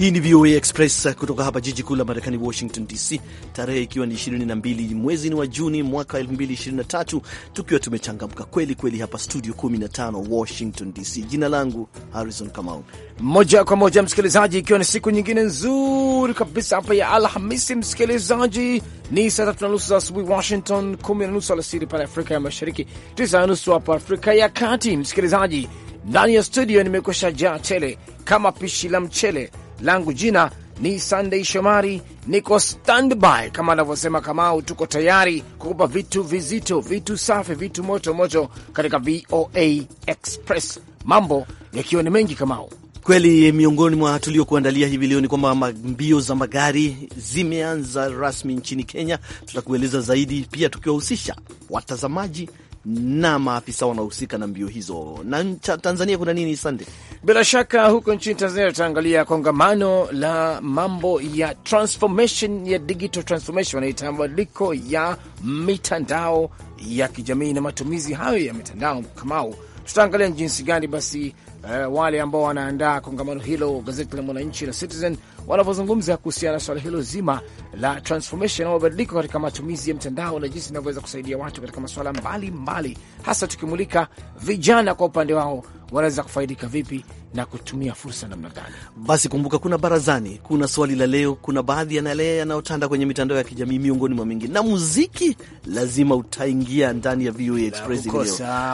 Hii ni VOA Express kutoka hapa jiji kuu la Marekani, Washington DC, tarehe ikiwa ni 22 mwezi ni wa Juni mwaka 2023, tukiwa tumechangamka kweli kweli hapa studio 15 Washington DC. Jina langu Harrison Kamau. Moja kwa moja, msikilizaji, ikiwa ni siku nyingine nzuri kabisa hapa ya Alhamisi. Msikilizaji, ni saa tatu na nusu za asubuhi Washington, kumi na nusu alasiri pale Afrika ya Mashariki, tisa na nusu hapa Afrika ya Kati. Msikilizaji, ndani ya studio nimekwesha jaa tele kama pishi la mchele langu jina ni Sunday Shomari, niko standby kama anavyosema Kamau. Tuko tayari kukupa vitu vizito, vitu safi, vitu moto moto katika VOA Express, mambo yakiwa ni mengi Kamau. Kweli, miongoni mwa tuliokuandalia hivi leo ni kwamba mbio za magari zimeanza rasmi nchini Kenya. Tutakueleza zaidi, pia tukiwahusisha watazamaji na maafisa wanaohusika na mbio hizo. Na Tanzania kuna nini? Sande, bila shaka huko nchini Tanzania tutaangalia kongamano la mambo ya transformation ya digital transformation, wanaita mabadiliko ya mitandao ya kijamii na matumizi hayo ya mitandao. Kamau, tutaangalia jinsi gani basi, uh, wale ambao wanaandaa kongamano hilo, gazeti la Mwananchi na Citizen wanavyozungumza kuhusiana na swala hilo zima la transformation au mabadiliko katika matumizi ya mtandao na jinsi inavyoweza kusaidia watu katika masuala mbalimbali, hasa tukimulika vijana kwa upande wao wanaweza kufaidika vipi na kutumia fursa namna gani? Basi kumbuka, kuna barazani, kuna swali la leo, kuna baadhi yanaelea yanayotanda kwenye mitandao ya kijamii, miongoni mwa mingi, na muziki lazima utaingia ndani ya VOA Express leo.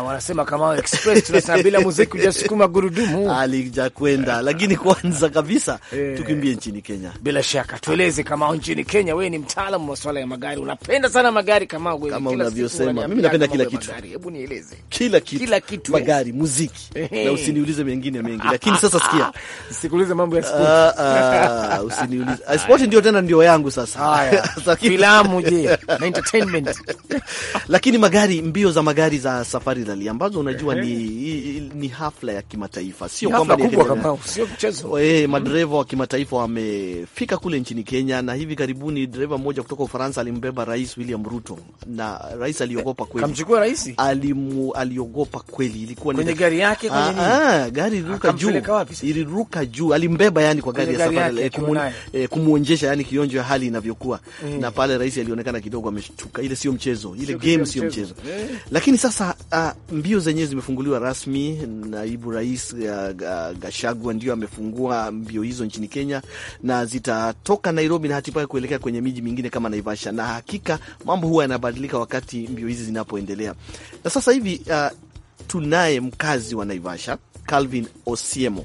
Wanasema kama Express tunasema bila muziki hujasukuma gurudumu, alijakwenda Lakini kwanza kabisa eh. tukimbie nchini Kenya. Bila shaka tueleze, kama nchini Kenya, wewe ni mtaalamu wa masuala ya magari, unapenda sana magari kama wewe, kama unavyosema. Mimi napenda kila kitu, hebu nieleze kila kitu, kila kitu, magari, muziki na usiniulize mengine mengi, lakini sasa sikia, sikuulize mambo ya sport, ah, ah, usiniulize sport, ndio tena ndio yangu sasa. Haya, filamu je, na entertainment, lakini magari, mbio za magari za safari rally ambazo unajua ni ni hafla ya kimataifa, sio kwamba ni kubwa kama sio mchezo eh, madereva wa kimataifa wamefika kule nchini Kenya, na hivi karibuni dereva mmoja kutoka Ufaransa alimbeba Rais William Ruto na rais aliogopa kweli, kamchukua rais, alimu aliogopa kweli, ilikuwa ni gari yake, kwenye ah, nini, ah, gari ah, ruka juu, iliruka juu, alimbeba yani kwa gari ya safari, eh, kumuonjesha yani kionjo ya hali inavyokuwa, mm. na pale rais alionekana kidogo ameshtuka. Ile sio mchezo, ile game sio mchezo. Lakini sasa mbio zenyewe zimefunguliwa rasmi. Naibu rais Gashagwa ndio amefungua mbio hizo nchini Kenya na zitatoka Nairobi na hatimaye kuelekea kwenye miji mingine kama Naivasha. Na hakika mambo huwa yanabadilika wakati mbio hizi zinapoendelea. Na sasa hivi uh, tunaye mkazi wa Naivasha Calvin Osiemo.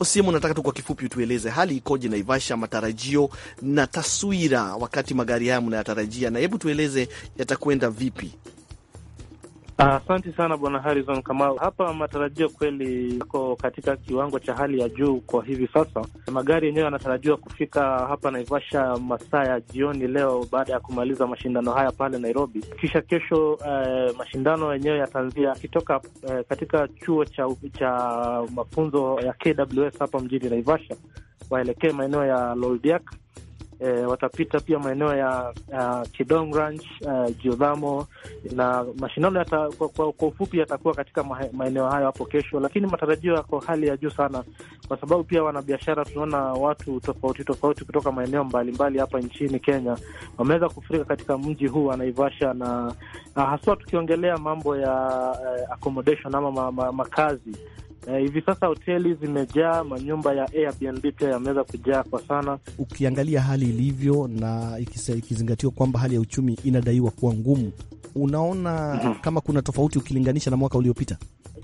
Osiemo, nataka tu kwa kifupi utueleze hali ikoje Naivasha, matarajio na taswira wakati magari haya mnayatarajia, na hebu tueleze yatakwenda vipi? Asante uh, sana Bwana Harrison Kamau. Hapa matarajio kweli yako katika kiwango cha hali ya juu kwa hivi sasa. Magari yenyewe yanatarajiwa kufika hapa Naivasha masaa ya jioni leo baada ya kumaliza mashindano haya pale Nairobi, kisha kesho uh, mashindano yenyewe yataanzia akitoka uh, eh, katika chuo cha, cha mafunzo ya KWS hapa mjini Naivasha, waelekee maeneo ya Loldiak E, watapita pia maeneo ya uh, Kidong Ranch uh, eh, Giodhamo na mashindano yata, kwa, kwa ufupi yatakuwa katika maeneo hayo hapo kesho, lakini matarajio yako hali ya juu sana, kwa sababu pia wanabiashara, tunaona watu tofauti tofauti kutoka maeneo mbalimbali hapa nchini Kenya wameweza kufurika katika mji huu wa Naivasha na uh, haswa tukiongelea mambo ya uh, accommodation ama ma, ma, makazi Eh, hivi sasa hoteli zimejaa, manyumba ya Airbnb pia yameweza kujaa kwa sana. Ukiangalia hali ilivyo na ikizingatiwa kwamba hali ya uchumi inadaiwa kuwa ngumu, unaona mm -hmm. kama kuna tofauti ukilinganisha na mwaka uliopita?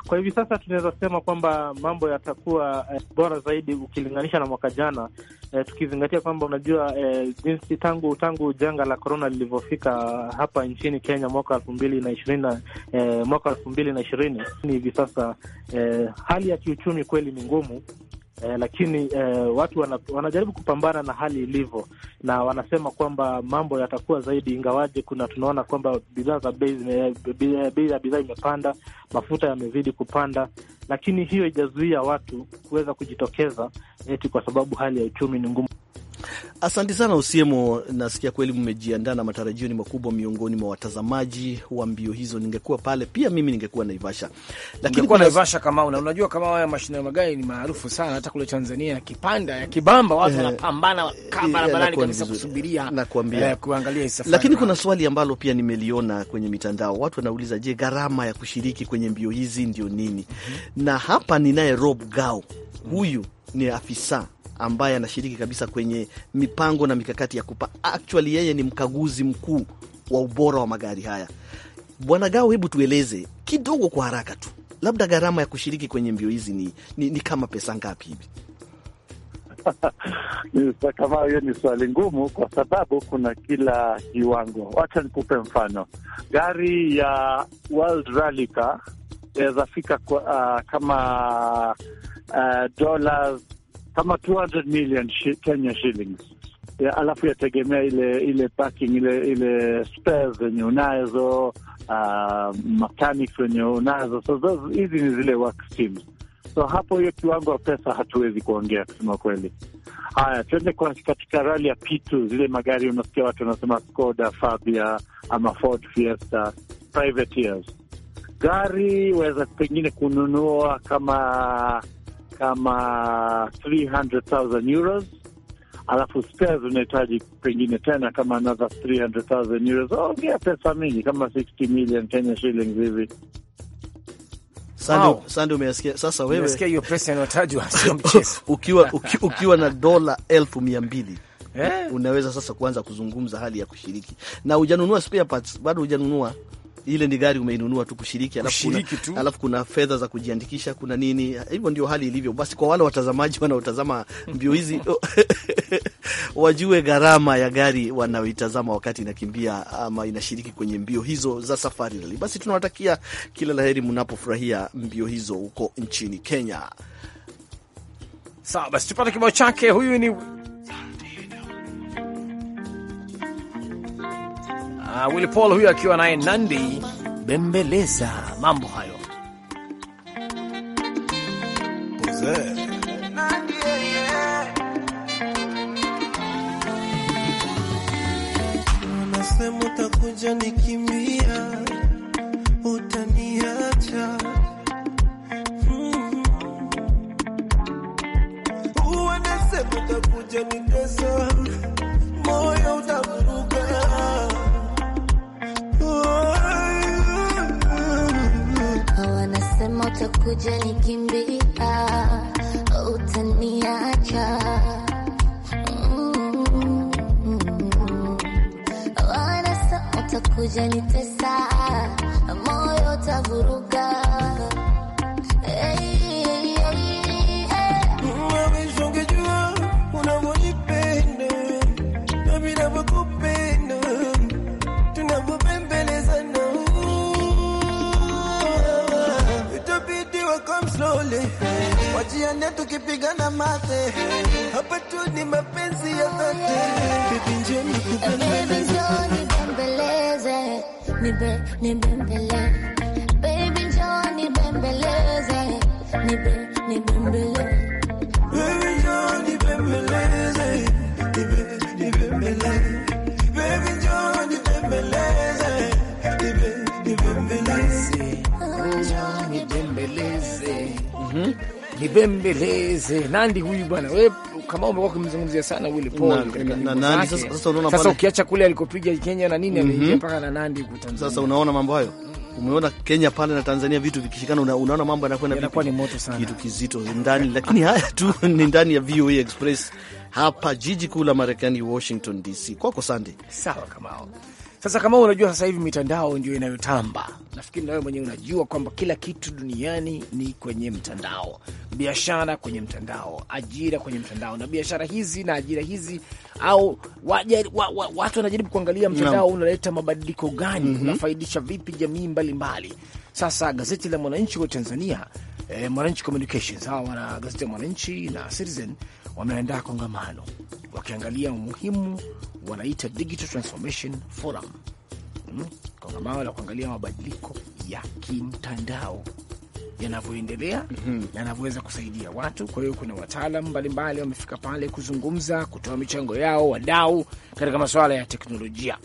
Kwa hivi sasa tunaweza sema kwamba mambo yatakuwa eh, bora zaidi ukilinganisha na mwaka jana eh, tukizingatia kwamba unajua eh, jinsi tangu tangu janga la korona lilivyofika hapa nchini Kenya mwaka elfu mbili na ishirini eh, mwaka elfu mbili na ishirini hivi sasa eh, hali ya kiuchumi kweli ni ngumu eh, lakini eh, watu wana, wanajaribu kupambana na hali ilivyo, na wanasema kwamba mambo yatakuwa zaidi, ingawaje kuna tunaona kwamba bidhaa za bei ya bidhaa imepanda, mafuta yamezidi kupanda, lakini hiyo haijazuia watu kuweza kujitokeza eti kwa sababu hali ya uchumi ni ngumu. Asante sana Usiemo, nasikia kweli mmejiandaa na matarajio ni makubwa miongoni mwa watazamaji wa mbio hizo. Ningekuwa pale pia mimi ningekuwa Naivasha, lakini kuna... Naivasha kama una, unajua kama haya mashindano magari ni maarufu sana, hata kule Tanzania kipanda ya kibamba, watu eh, wanapambana eh, barabarani kabisa kusubiria na kuambia eh, kuangalia hii safari. Lakini kuna swali ambalo pia nimeliona kwenye mitandao, watu wanauliza, je, gharama ya kushiriki kwenye mbio hizi ndio nini? mm -hmm. na hapa ninaye Rob Gao, huyu ni afisa ambaye anashiriki kabisa kwenye mipango na mikakati ya kupa. Actually yeye ni mkaguzi mkuu wa ubora wa magari haya. Bwana Gao, hebu tueleze kidogo kwa haraka tu, labda gharama ya kushiriki kwenye mbio hizi ni, ni, ni kama pesa ngapi hivi? Kama hiyo ni swali ngumu, kwa sababu kuna kila kiwango. Wacha nikupe mfano, gari ya World Rally Car uh, kama uh, dollars kama 200 million shi, Kenya shillings ya, alafu yategemea ile ile parking ile ile spares zenye unazo uh, mechanics wenye unazo so those hizi ni zile work teams. So hapo hiyo kiwango ya pesa hatuwezi kuongea kusema kweli. Haya, tuende katika rali ya P2, zile magari unasikia watu wanasema Skoda Fabia ama Ford Fiesta privateers, gari waweza pengine kununua kama kama 300,000 euros alafu spares unahitaji pengine tena kama another 300,000 euros. Oh, ongea pesa mingi kama 60 million Kenya shillings hivi. Wow. Sandu umesikia sasa wewe, umesikia hiyo pesa inayotajwa sio mchezo. ukiwa, uki, ukiwa na dola elfu mia mbili yeah. Unaweza sasa kuanza kuzungumza hali ya kushiriki na hujanunua spare parts, bado hujanunua ile ni gari umeinunua tu kushiriki, alafu kuna, Alafu kuna fedha za kujiandikisha, kuna nini. Hivyo ndio hali ilivyo. Basi kwa wale watazamaji wanaotazama mbio hizi wajue gharama ya gari wanaoitazama wakati inakimbia ama inashiriki kwenye mbio hizo za safari lali Basi tunawatakia kila la heri mnapofurahia mbio hizo huko nchini Kenya. Sawa, basi tupate kibao chake. Huyu ni Uh, Willy Paul huyo akiwa naye Nandi bembeleza mambo hayo Pose. slowly, wajiane tukipigana mate, hapa tu ni mapenzi ya dhati. Baby njoni kubembeleze, nibe nibembele, baby njoni bembeleze, nibe nibembele, baby njoni bembeleze Mhm. nivembeleze Nandi huyu bwana, we kama umekuwa kumzungumzia sana Willy Paul katika na, na, sasa, sasa unaona sasa ukiacha kule alikopiga Kenya na nini mm -hmm. ameingia mpaka na Nandi huko Tanzania. Sasa unaona mambo hayo mm. umeona Kenya pale na Tanzania vitu vikishikana, una, unaona mambo yanakwenda vipi? Ni moto sana, kitu kizito ndani lakini haya tu ni ndani ya VOA Express hapa jiji kuu la Marekani, Washington DC. Kwako Sande. Sawa kamao sasa kama unajua, sasa hivi mitandao ndio inayotamba. Nafikiri nawe mwenyewe unajua kwamba kila kitu duniani ni kwenye mtandao, biashara kwenye mtandao, ajira kwenye mtandao, na biashara hizi na ajira hizi au waja, wa, wa, watu wanajaribu kuangalia mtandao unaleta mabadiliko gani? mm -hmm. unafaidisha vipi jamii mbalimbali mbali. Sasa gazeti la Mwananchi wa Tanzania eh, Mwananchi Communications hawa wana gazeti la Mwananchi na Citizen wameandaa kongamano wakiangalia umuhimu, wanaita Digital Transformation Forum hmm? kongamano la kuangalia mabadiliko ya kimtandao yanavyoendelea mm -hmm. yanavyoweza kusaidia watu. Kwa hiyo kuna wataalam mbalimbali wamefika pale kuzungumza, kutoa michango yao, wadau katika masuala ya teknolojia.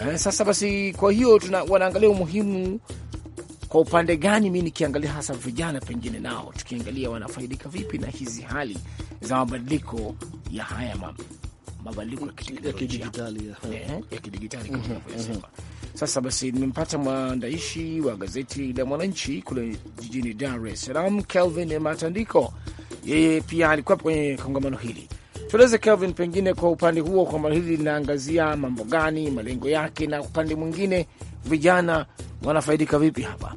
Eh, sasa basi, kwa hiyo tuna, wanaangalia umuhimu kwa upande gani, mi nikiangalia hasa vijana, pengine nao tukiangalia wanafaidika vipi na hizi hali za mabadiliko ya haya mama mabadiliko ya kidigitali eh, ya kidigitali kama mm-hmm, tunavyosema. Mm-hmm. Sasa basi, nimempata mwandaishi wa gazeti la Mwananchi kule jijini Dar es Salaam, Kelvin Matandiko. Yeye pia alikuwa kwenye kongamano hili. Tueleze Kelvin, pengine kwa upande huo kongamano hili linaangazia mambo gani, malengo yake, na upande mwingine vijana wanafaidika vipi hapa?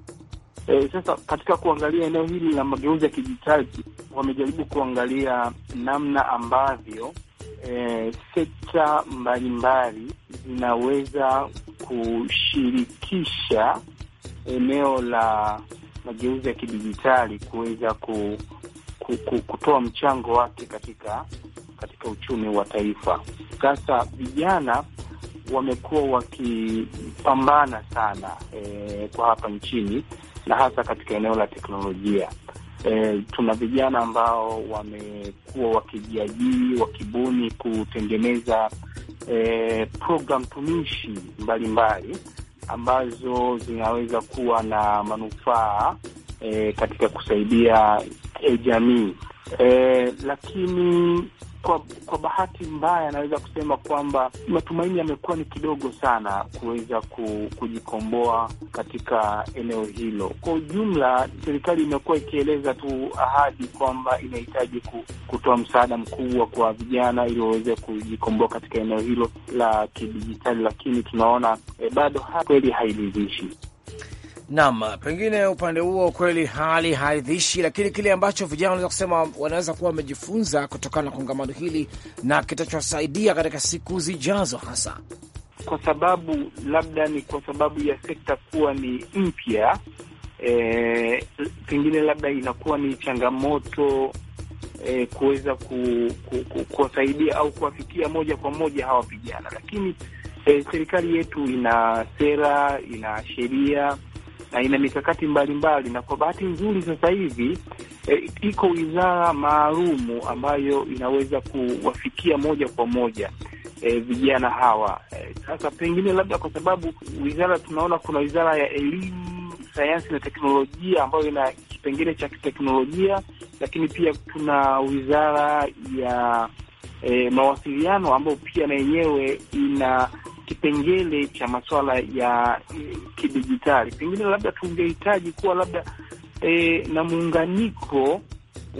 E, sasa katika kuangalia eneo hili la mageuzi ya kidijitali wamejaribu kuangalia namna ambavyo e, sekta mbalimbali zinaweza kushirikisha eneo la mageuzi ya kidijitali kuweza ku, ku, ku, kutoa mchango wake katika katika uchumi wa taifa. Sasa vijana wamekuwa wakipambana sana e, kwa hapa nchini na hasa katika eneo la teknolojia. E, tuna vijana ambao wamekuwa wakijiajiri wakibuni kutengeneza e, program tumishi mbalimbali ambazo zinaweza kuwa na manufaa e, katika kusaidia e, jamii e, lakini kwa kwa bahati mbaya anaweza kusema kwamba matumaini yamekuwa ni kidogo sana kuweza ku, kujikomboa katika eneo hilo. Kwa ujumla, serikali imekuwa ikieleza tu ahadi kwamba inahitaji kutoa msaada mkubwa kwa vijana ili waweze kujikomboa katika eneo hilo la kidijitali, lakini tunaona eh, bado kweli hairidhishi. Naam, pengine upande huo kweli hali haridhishi, lakini kile ambacho vijana wanaweza kusema wanaweza kuwa wamejifunza kutokana na kongamano hili na kitachosaidia katika siku zijazo, hasa kwa sababu labda ni kwa sababu ya sekta kuwa ni mpya e, pengine labda inakuwa ni changamoto e, kuweza kuwasaidia ku, ku, au kuwafikia moja kwa moja hawa vijana, lakini e, serikali yetu ina sera, ina sheria na ina mikakati mbalimbali Na kwa bahati nzuri sasa hivi e, iko wizara maalumu ambayo inaweza kuwafikia moja kwa moja e, vijana hawa e, sasa pengine labda kwa sababu wizara tunaona kuna wizara ya elimu, sayansi na teknolojia ambayo ina kipengele cha kiteknolojia, lakini pia kuna wizara ya e, mawasiliano ambayo pia na yenyewe ina kipengele cha masuala ya eh, kidijitali, pengine labda tungehitaji kuwa labda e, na muunganiko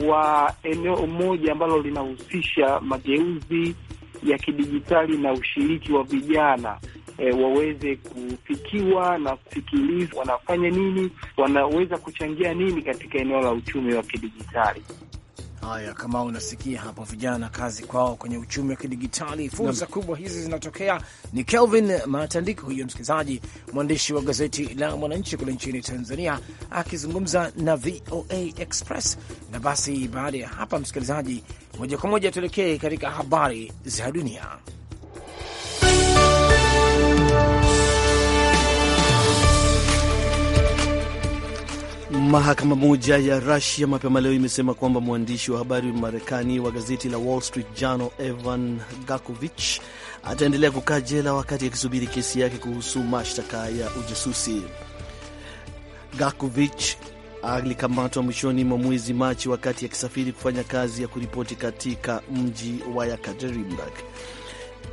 wa eneo moja ambalo linahusisha mageuzi ya kidijitali na ushiriki wa vijana e, waweze kufikiwa na kusikilizwa, wanafanya nini, wanaweza kuchangia nini katika eneo la uchumi wa kidijitali. Haya, kama unasikia hapo, vijana kazi kwao kwenye uchumi wa kidigitali, fursa kubwa hizi zinatokea. Ni Kelvin Matandiko huyo msikilizaji, mwandishi wa gazeti la Mwananchi kule nchini Tanzania, akizungumza na VOA Express. Na basi baada ya hapa, msikilizaji, moja kwa moja tuelekee katika habari za dunia. Mahakama moja ya Rusia mapema leo imesema kwamba mwandishi wa habari wa Marekani wa gazeti la Wall Street Journal Evan Gakovich ataendelea kukaa jela wakati akisubiri ya kesi yake kuhusu mashtaka ya ujasusi. Gakovich alikamatwa mwishoni mwa mwezi Machi wakati akisafiri kufanya kazi ya kuripoti katika mji wa Yekaterinburg.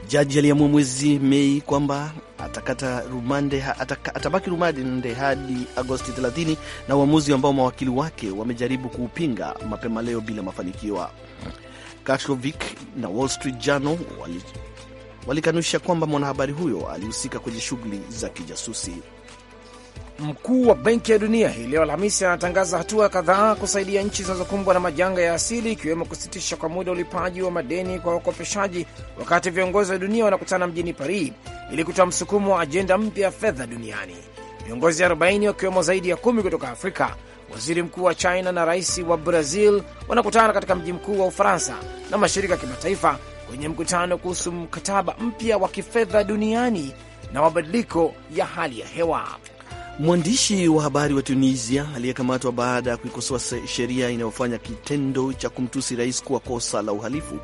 Jaji aliamua mwezi Mei kwamba atakata rumande, ataka, atabaki rumande hadi Agosti 30 na uamuzi ambao mawakili wake wamejaribu kuupinga mapema leo bila mafanikio. kashovik na Wall Street Journal walikanusha kwamba mwanahabari huyo alihusika kwenye shughuli za kijasusi. Mkuu wa Benki ya Dunia hii leo Alhamisi anatangaza hatua kadhaa kusaidia nchi zinazokumbwa na majanga ya asili, ikiwemo kusitisha kwa muda ulipaji wa madeni kwa wakopeshaji, wakati viongozi wa dunia wanakutana mjini Paris ili kutoa msukumo wa ajenda mpya ya fedha duniani. Viongozi 40 wakiwemo zaidi ya kumi kutoka Afrika, waziri mkuu wa China na rais wa Brazil wanakutana katika mji mkuu wa Ufaransa na mashirika ya kimataifa kwenye mkutano kuhusu mkataba mpya wa kifedha duniani na mabadiliko ya hali ya hewa. Mwandishi wa habari wa Tunisia aliyekamatwa baada ya kuikosoa sheria inayofanya kitendo cha kumtusi rais kuwa kosa la uhalifu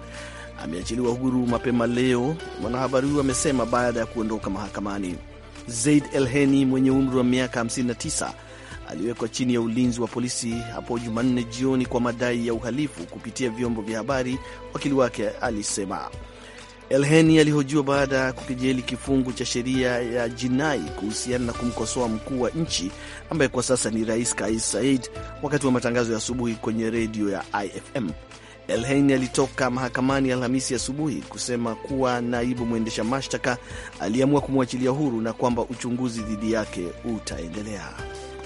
ameachiliwa huru mapema leo, mwanahabari huyo amesema baada ya kuondoka mahakamani. Zaid Elheni mwenye umri wa miaka 59 aliwekwa chini ya ulinzi wa polisi hapo Jumanne jioni kwa madai ya uhalifu kupitia vyombo vya habari, wakili wake alisema. Elheni alihojiwa baada ya kukejeli kifungu cha sheria ya jinai kuhusiana na kumkosoa mkuu wa nchi ambaye kwa sasa ni Rais Kais said wakati wa matangazo ya asubuhi kwenye redio ya IFM. Elheni alitoka mahakamani Alhamisi asubuhi kusema kuwa naibu mwendesha mashtaka aliamua kumwachilia huru na kwamba uchunguzi dhidi yake utaendelea.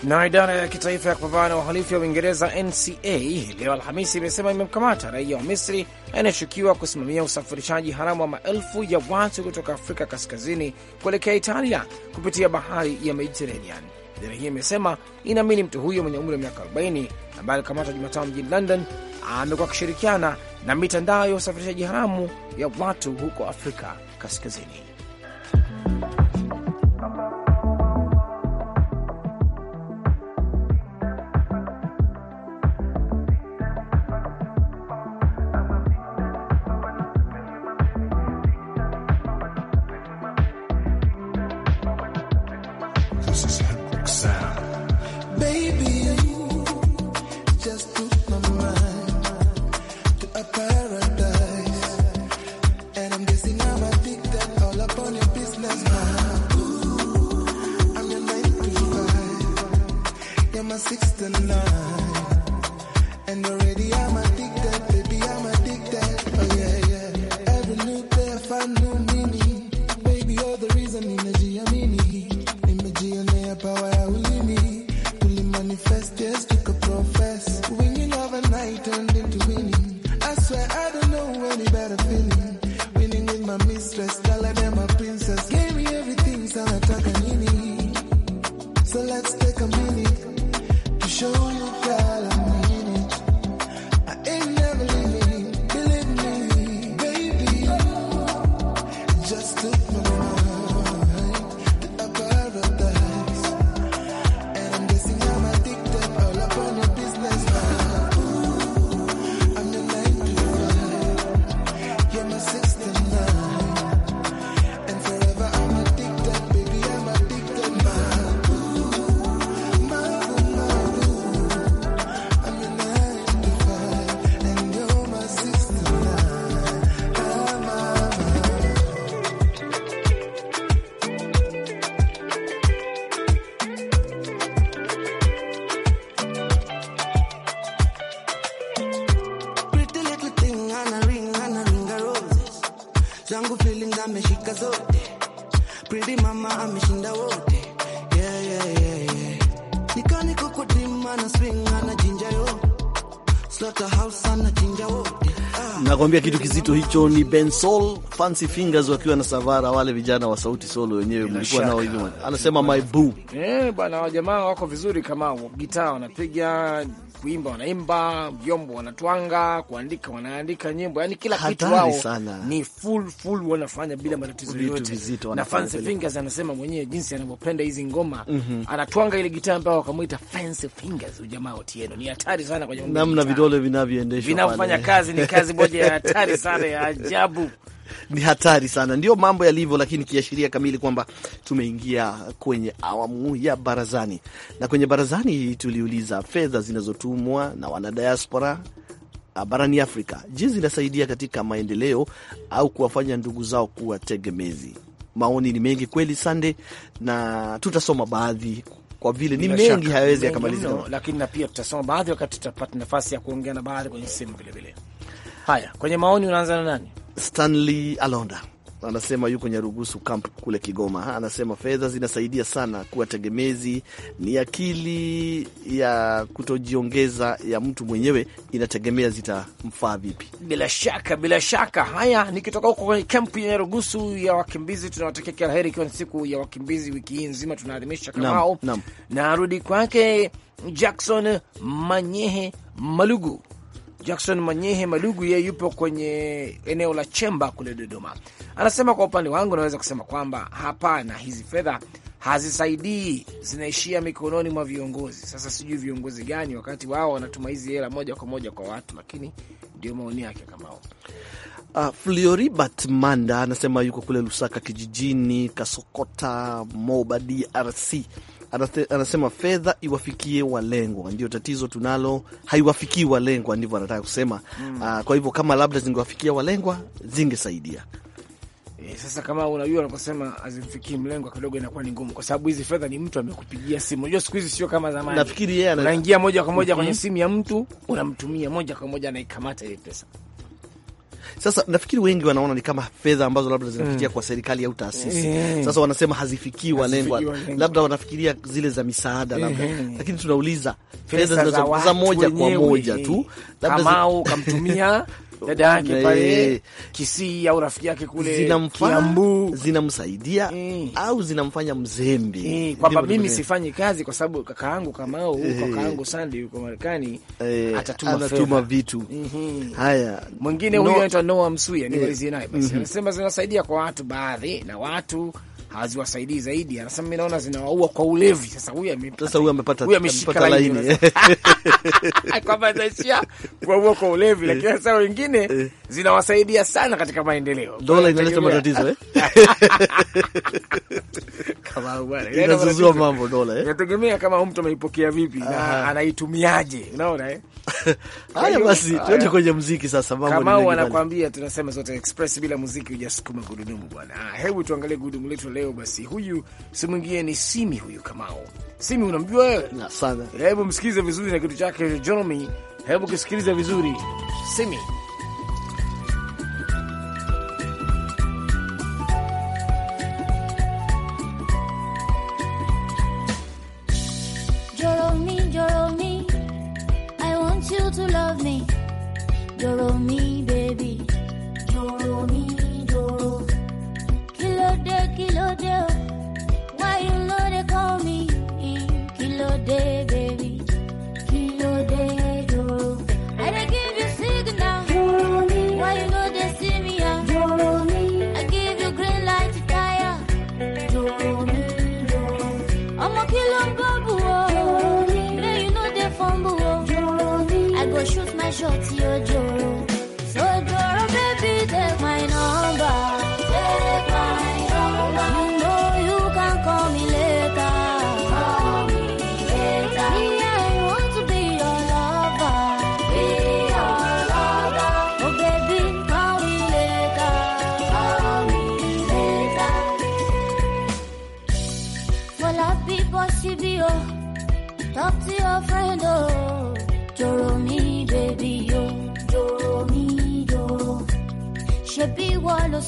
Na idara ya kitaifa ya kupambana na uhalifu ya Uingereza NCA leo Alhamisi imesema imemkamata raia wa Misri anayeshukiwa kusimamia usafirishaji haramu wa maelfu ya watu kutoka Afrika kaskazini kuelekea Italia kupitia bahari ya Mediterranean. Idara hiyo imesema inaamini mtu huyo mwenye umri wa miaka 40 ambaye alikamatwa Jumatano mjini London amekuwa akishirikiana na mitandao ya usafirishaji haramu ya watu huko Afrika kaskazini. nini Nakwambia kitu kizito hicho, ni Ben sol Fancy Fingers wakiwa na Savara, wale vijana wa Sauti Solo wenyewe mlikuwa nao hivi. Anasema my boo. Eh, bwana wajamaa jamaa wako vizuri kama gitaa wanapiga kuimba wanaimba, vyombo wanatwanga, kuandika wanaandika nyimbo, yani kila kitu wao ni full full wanafanya bila matatizo yoyote. Na Fancy Fingers anasema mwenyewe jinsi anavyopenda hizi ngoma mm -hmm. anatwanga ile gitaa ambayo wakamwita Fancy Fingers. Ujamaa Otieno ni hatari sana kwenye namna vidole vinavyoendeshwa, vinafanya kazi, ni kazi moja ya hatari sana ya ajabu ni hatari sana. Ndio mambo yalivyo, lakini kiashiria kamili kwamba tumeingia kwenye awamu ya barazani, na kwenye barazani tuliuliza fedha zinazotumwa na wanadiaspora ah, barani Afrika, je, zinasaidia katika maendeleo au kuwafanya ndugu zao kuwa tegemezi? Maoni ni mengi kweli, Sande, na tutasoma baadhi kwa vile ni mengi hayawezi yakamalizika, lakini na pia tutasoma baadhi wakati tutapata nafasi ya kuongea na baadhi kwenye simu vilevile. Haya, kwenye maoni unaanza na nani? Stanley Alonda anasema yuko Nyarugusu camp kule Kigoma. Anasema fedha zinasaidia sana kuwa tegemezi, ni akili ya kutojiongeza ya mtu mwenyewe, inategemea zitamfaa vipi. Bila shaka, bila shaka. Haya, nikitoka huko kwenye kampu ya Nyarugusu ya wakimbizi, tunawatakia kila heri, ikiwa ni siku ya wakimbizi wiki hii nzima tunaadhimisha kamao. Narudi kwake Jackson Manyehe Malugu Jackson Manyehe Malugu, yeye yupo kwenye eneo la Chemba kule Dodoma, anasema kwa upande wangu naweza kusema kwamba hapana, hizi fedha hazisaidii, zinaishia mikononi mwa viongozi. Sasa sijui viongozi gani, wakati wao wanatuma hizi hela moja kwa moja kwa watu, lakini ndio maoni yake kama hao. Uh, ah, Floribert Manda anasema yuko kule Lusaka kijijini Kasokota Moba, DRC anasema fedha iwafikie walengwa, ndio tatizo tunalo, haiwafikii walengwa, ndivyo anataka kusema mm. Uh, kwa hivyo kama labda zingewafikia walengwa zingesaidia. E, sasa kama unajua unaposema azimfikii mlengwa kidogo inakuwa ni ngumu, kwa sababu hizi fedha ni mtu amekupigia simu. Unajua siku hizi sio kama zamani, nafikiri yeye anaingia moja kwa moja mm -hmm. kwenye mm-hmm. simu ya mtu unamtumia moja kwa moja, anaikamata ile pesa sasa nafikiri wengi wanaona ni kama fedha ambazo labda zinafikia mm. kwa serikali au taasisi mm. Sasa wanasema hazifikii walengwa, labda wanafikiria zile za misaada labda mm Lakini tunauliza fedha zinazoza moja kwa moja tu labda kamtumia dada yake pale Kisii au rafiki yake kule Kiambu zinamsaidia mm. au zinamfanya mzembe mm. kwamba mimi sifanyi kazi kwa sababu kakaangu Kamau kaka yangu eh. Sandy yuko Marekani e, atatuma vitu mm -hmm. Haya, mwingine huyo anaitwa Noah Msuya, nimalizie naye basi, mhm. anasema zinasaidia kwa watu baadhi na watu haziwasaidii zaidi. Anasema mi naona zinawaua kwa ulevi. Sasa huyu sasa huyu amepata huyu ameshika laini kwamba zinaishia kuwaua kwa ulevi, eh. lakini sasa wengine eh. zinawasaidia sana katika maendeleo. Dola inaleta matatizo eh, kama bwana inazuzua yaani, mambo dola eh, inategemea kama mtu ameipokea vipi na anaitumiaje, unaona eh Haya basi, tuende kwenye muziki sasa. Kama tunasema zote express, bila muziki hujasukuma gurudumu bwana. Ah, hebu tuangalie gurudumu letu leo. Basi huyu si mwingine ni Simi. Huyu Kamao Simi unamjua wewe na sana. Hebu msikilize vizuri na kitu chake Jonomi. Hebu kisikilize vizuri Simi.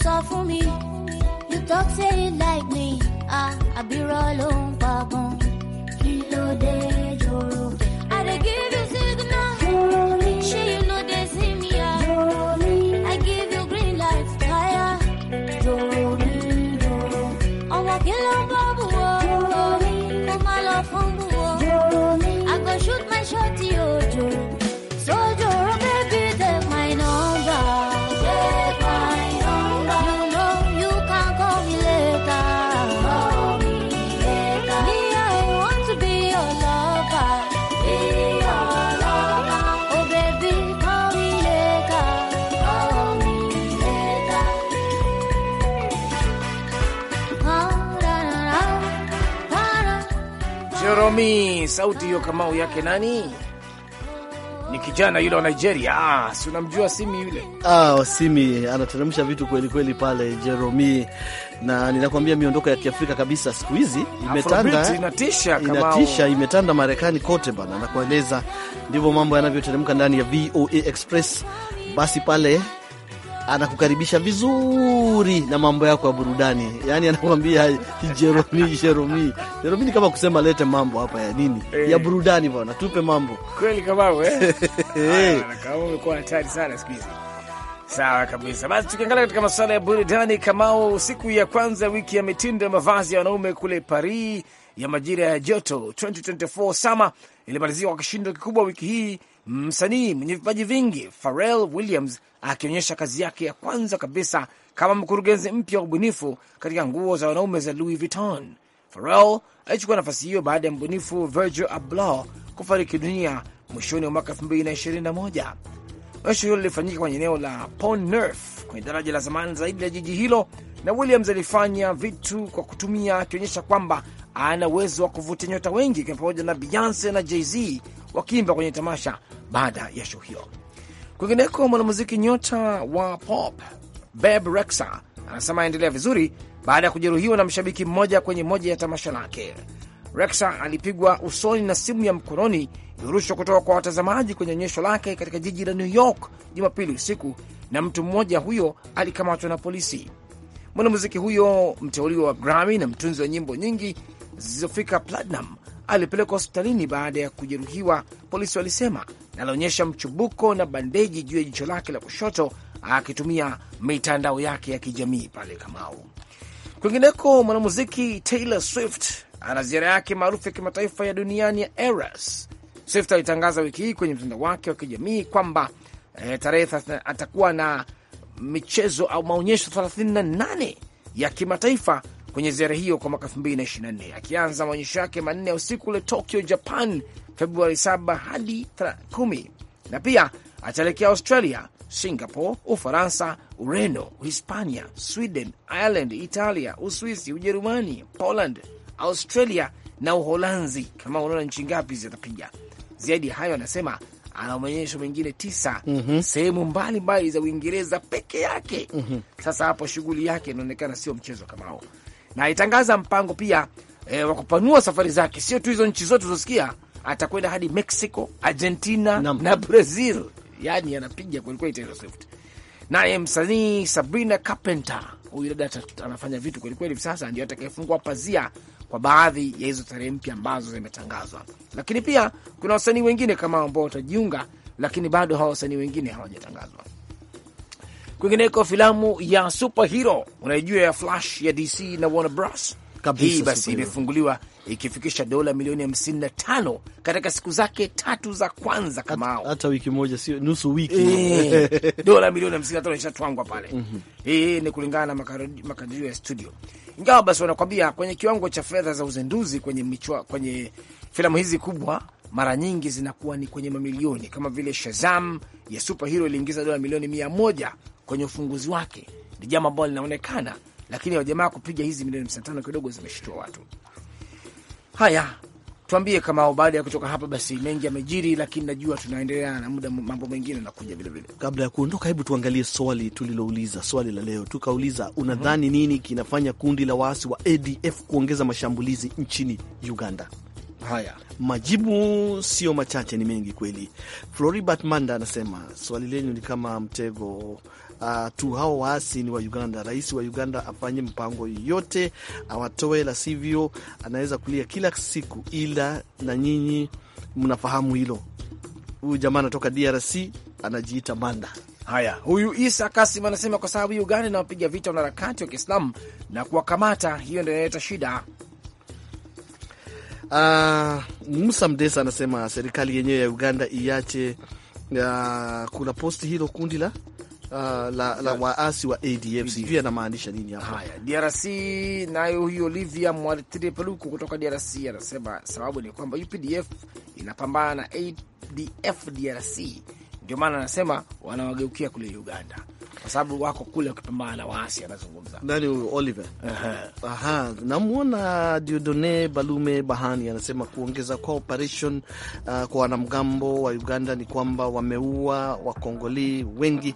Soft for me, You talk say you like me, ah, I be ń pa gan. Kí ló dé? Tommy, Sauti hiyo kamau yake nani? Ni kijana yule wa Nigeria. Ah, si unamjua Simi yule? Ah, oh, Simi anateremsha vitu kweli kweli pale Jeromi, na ninakwambia miondoko ya Kiafrika kabisa siku hizi imetanda, eh? inatisha, inatisha, imetanda Marekani kote bana, nakueleza. Ndivyo mambo yanavyoteremka ndani ya VOA Express. Basi pale anakukaribisha vizuri na mambo yako ya burudani, yani anakwambia Jeromi, Jeromi, Jeromi ni kama kusema lete mambo hapa ya nini hey, ya eh. burudani bwana, tupe mambo kweli kabao eh? Eh. Kama umekuwa hatari sana siku hizi. Sawa kabisa. Basi tukiangalia katika masuala ya burudani, Kamao, siku ya kwanza wiki ya mitindo ya mavazi ya wanaume kule Paris ya majira ya joto 2024 sama ilimaliziwa kwa kishindo kikubwa wiki hii msanii mwenye vipaji vingi Pharrell Williams akionyesha kazi yake ya kwanza kabisa kama mkurugenzi mpya wa ubunifu katika nguo za wanaume za Louis Vuitton. Pharrell alichukua nafasi hiyo baada ya mbunifu Virgil Abloh kufariki dunia mwishoni wa mwaka 2021. Onyesho hilo lilifanyika kwenye eneo la Pont Neuf kwenye daraja la zamani zaidi la jiji hilo, na Williams alifanya vitu kwa kutumia, akionyesha kwamba ana uwezo wa kuvutia nyota wengi, pamoja na Beyonce na Jay-Z wakiimba kwenye tamasha baada ya show hiyo. Kwingineko, mwanamuziki nyota wa pop Beb Rexa anasema aendelea vizuri baada ya kujeruhiwa na mshabiki mmoja kwenye moja ya tamasha lake. Rexa alipigwa usoni na simu ya mkononi iliyorushwa kutoka kwa watazamaji kwenye onyesho lake katika jiji la New York Jumapili usiku, na mtu mmoja huyo alikamatwa na polisi. Mwanamuziki huyo mteuliwa wa Grammy na mtunzi wa nyimbo nyingi zilizofika platinum alipelekwa hospitalini baada ya kujeruhiwa, polisi walisema, na alionyesha mchubuko na bandeji juu ya jicho lake la kushoto akitumia mitandao yake ya kijamii pale Kamau. Kwingineko, mwanamuziki Taylor Swift ana ziara yake maarufu ya kimataifa ya duniani ya Eras. Swift alitangaza wiki hii kwenye mtandao wake wa kijamii kwamba eh, tarehe atakuwa na michezo au maonyesho 38 ya kimataifa kwenye ziara hiyo kwa mwaka 2024 akianza maonyesho yake manne ya usiku kule Tokyo, Japan, Februari 7 hadi 10, na pia ataelekea Australia, Singapore, Ufaransa, Ureno, Hispania, Sweden, Ireland, Italia, Uswisi, Ujerumani, Poland, Australia na Uholanzi. Kama unaona nchi ngapi zitapiga zaidi ya hayo, anasema ana maonyesho mengine tisa mm -hmm. sehemu mbalimbali za Uingereza peke yake mm -hmm. Sasa hapo shughuli yake inaonekana sio mchezo kamao na alitangaza mpango pia e, wa kupanua safari zake, sio tu hizo nchi zote zosikia atakwenda hadi Mexico, Argentina Nam. na Brazil. Yani anapiga kwelikweli Taylor Swift. Naye msanii Sabrina Carpenter, huyu dada anafanya vitu kwelikweli hivi sasa, ndio atakayefungua pazia kwa baadhi ya hizo tarehe mpya ambazo zimetangazwa. Lakini pia kuna wasanii wengine kama ambao watajiunga, lakini bado hawa wasanii wengine hawajatangazwa. Kwingineko, filamu ya superhero unaijua ya Flash ya DC na Warner Bros. Hii basi imefunguliwa ikifikisha dola milioni 55 katika siku zake tatu za kwanza, kama hata wiki moja sio nusu wiki e, dola milioni 55 ishatwangwa pale. mm -hmm. E, ni kulingana na makadirio ya studio, ingawa basi wanakwambia kwenye kiwango cha fedha za uzinduzi kwenye michwa, kwenye filamu hizi kubwa mara nyingi zinakuwa ni kwenye mamilioni, kama vile Shazam ya superhero iliingiza dola milioni mia moja kwenye ufunguzi wake ni jambo ambalo linaonekana, lakini wajamaa kupiga hizi milioni tano kidogo zimeshitua watu. Haya, tuambie kama baada ya kutoka hapa basi mengi yamejiri, lakini najua tunaendelea na muda, mambo mengine nakuja vilevile. Kabla ya kuondoka, hebu tuangalie swali tulilouliza, swali la leo tukauliza, mhm. unadhani mm -hmm. nini kinafanya kundi la waasi wa ADF kuongeza mashambulizi nchini Uganda? Haya, majibu sio machache, ni mengi kweli. Floribert Manda anasema swali lenyu ni kama mtego uh, tu hao waasi ni wa Uganda. Rais wa Uganda afanye mpango yote awatoe, la sivyo anaweza kulia kila siku, ila na nyinyi mnafahamu hilo. Huyu jamaa anatoka DRC anajiita Manda. Haya, huyu Isa Kasim anasema kwa sababu Uganda inawapiga vita wanaharakati wa Kiislamu na kuwakamata, hiyo ndio inaleta shida. Uh, Musa Mdesa anasema serikali yenyewe ya Uganda iache uh, kuna posti hilo kundi la uh, la, la waasi wa ADF sijui anamaanisha nini Haya, DRC nayo hiyo Olivia Mwaritire Paluku kutoka DRC anasema sababu ni kwamba UPDF inapambana na ADF DRC, ndio maana anasema wanawageukia kule Uganda kwa sababu wako kule wakipambana na waasi. Anazungumza nani huyu Oliver? Aha. namwona Diodone Balume Bahani anasema kuongeza kwa operation uh, kwa wanamgambo wa Uganda ni kwamba wameua wakongoli wengi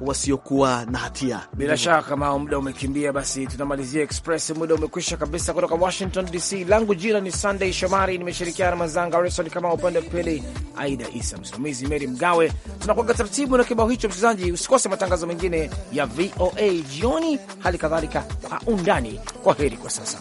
wasiokuwa na hatia. Bila shaka kama muda umekimbia, basi tunamalizia Express, muda umekwisha kabisa. Kutoka Washington DC, langu jina ni Sunday Shomari, nimeshirikiana na mwenzangu Harrison kama upande wa pili, Aida Isa msimamizi, Meri Mgawe. Tunakuaga taratibu na kibao hicho, mchezaji usikose matangazo mengine nyingine ya VOA jioni, hali kadhalika kwa undani. Kwa heri kwa sasa.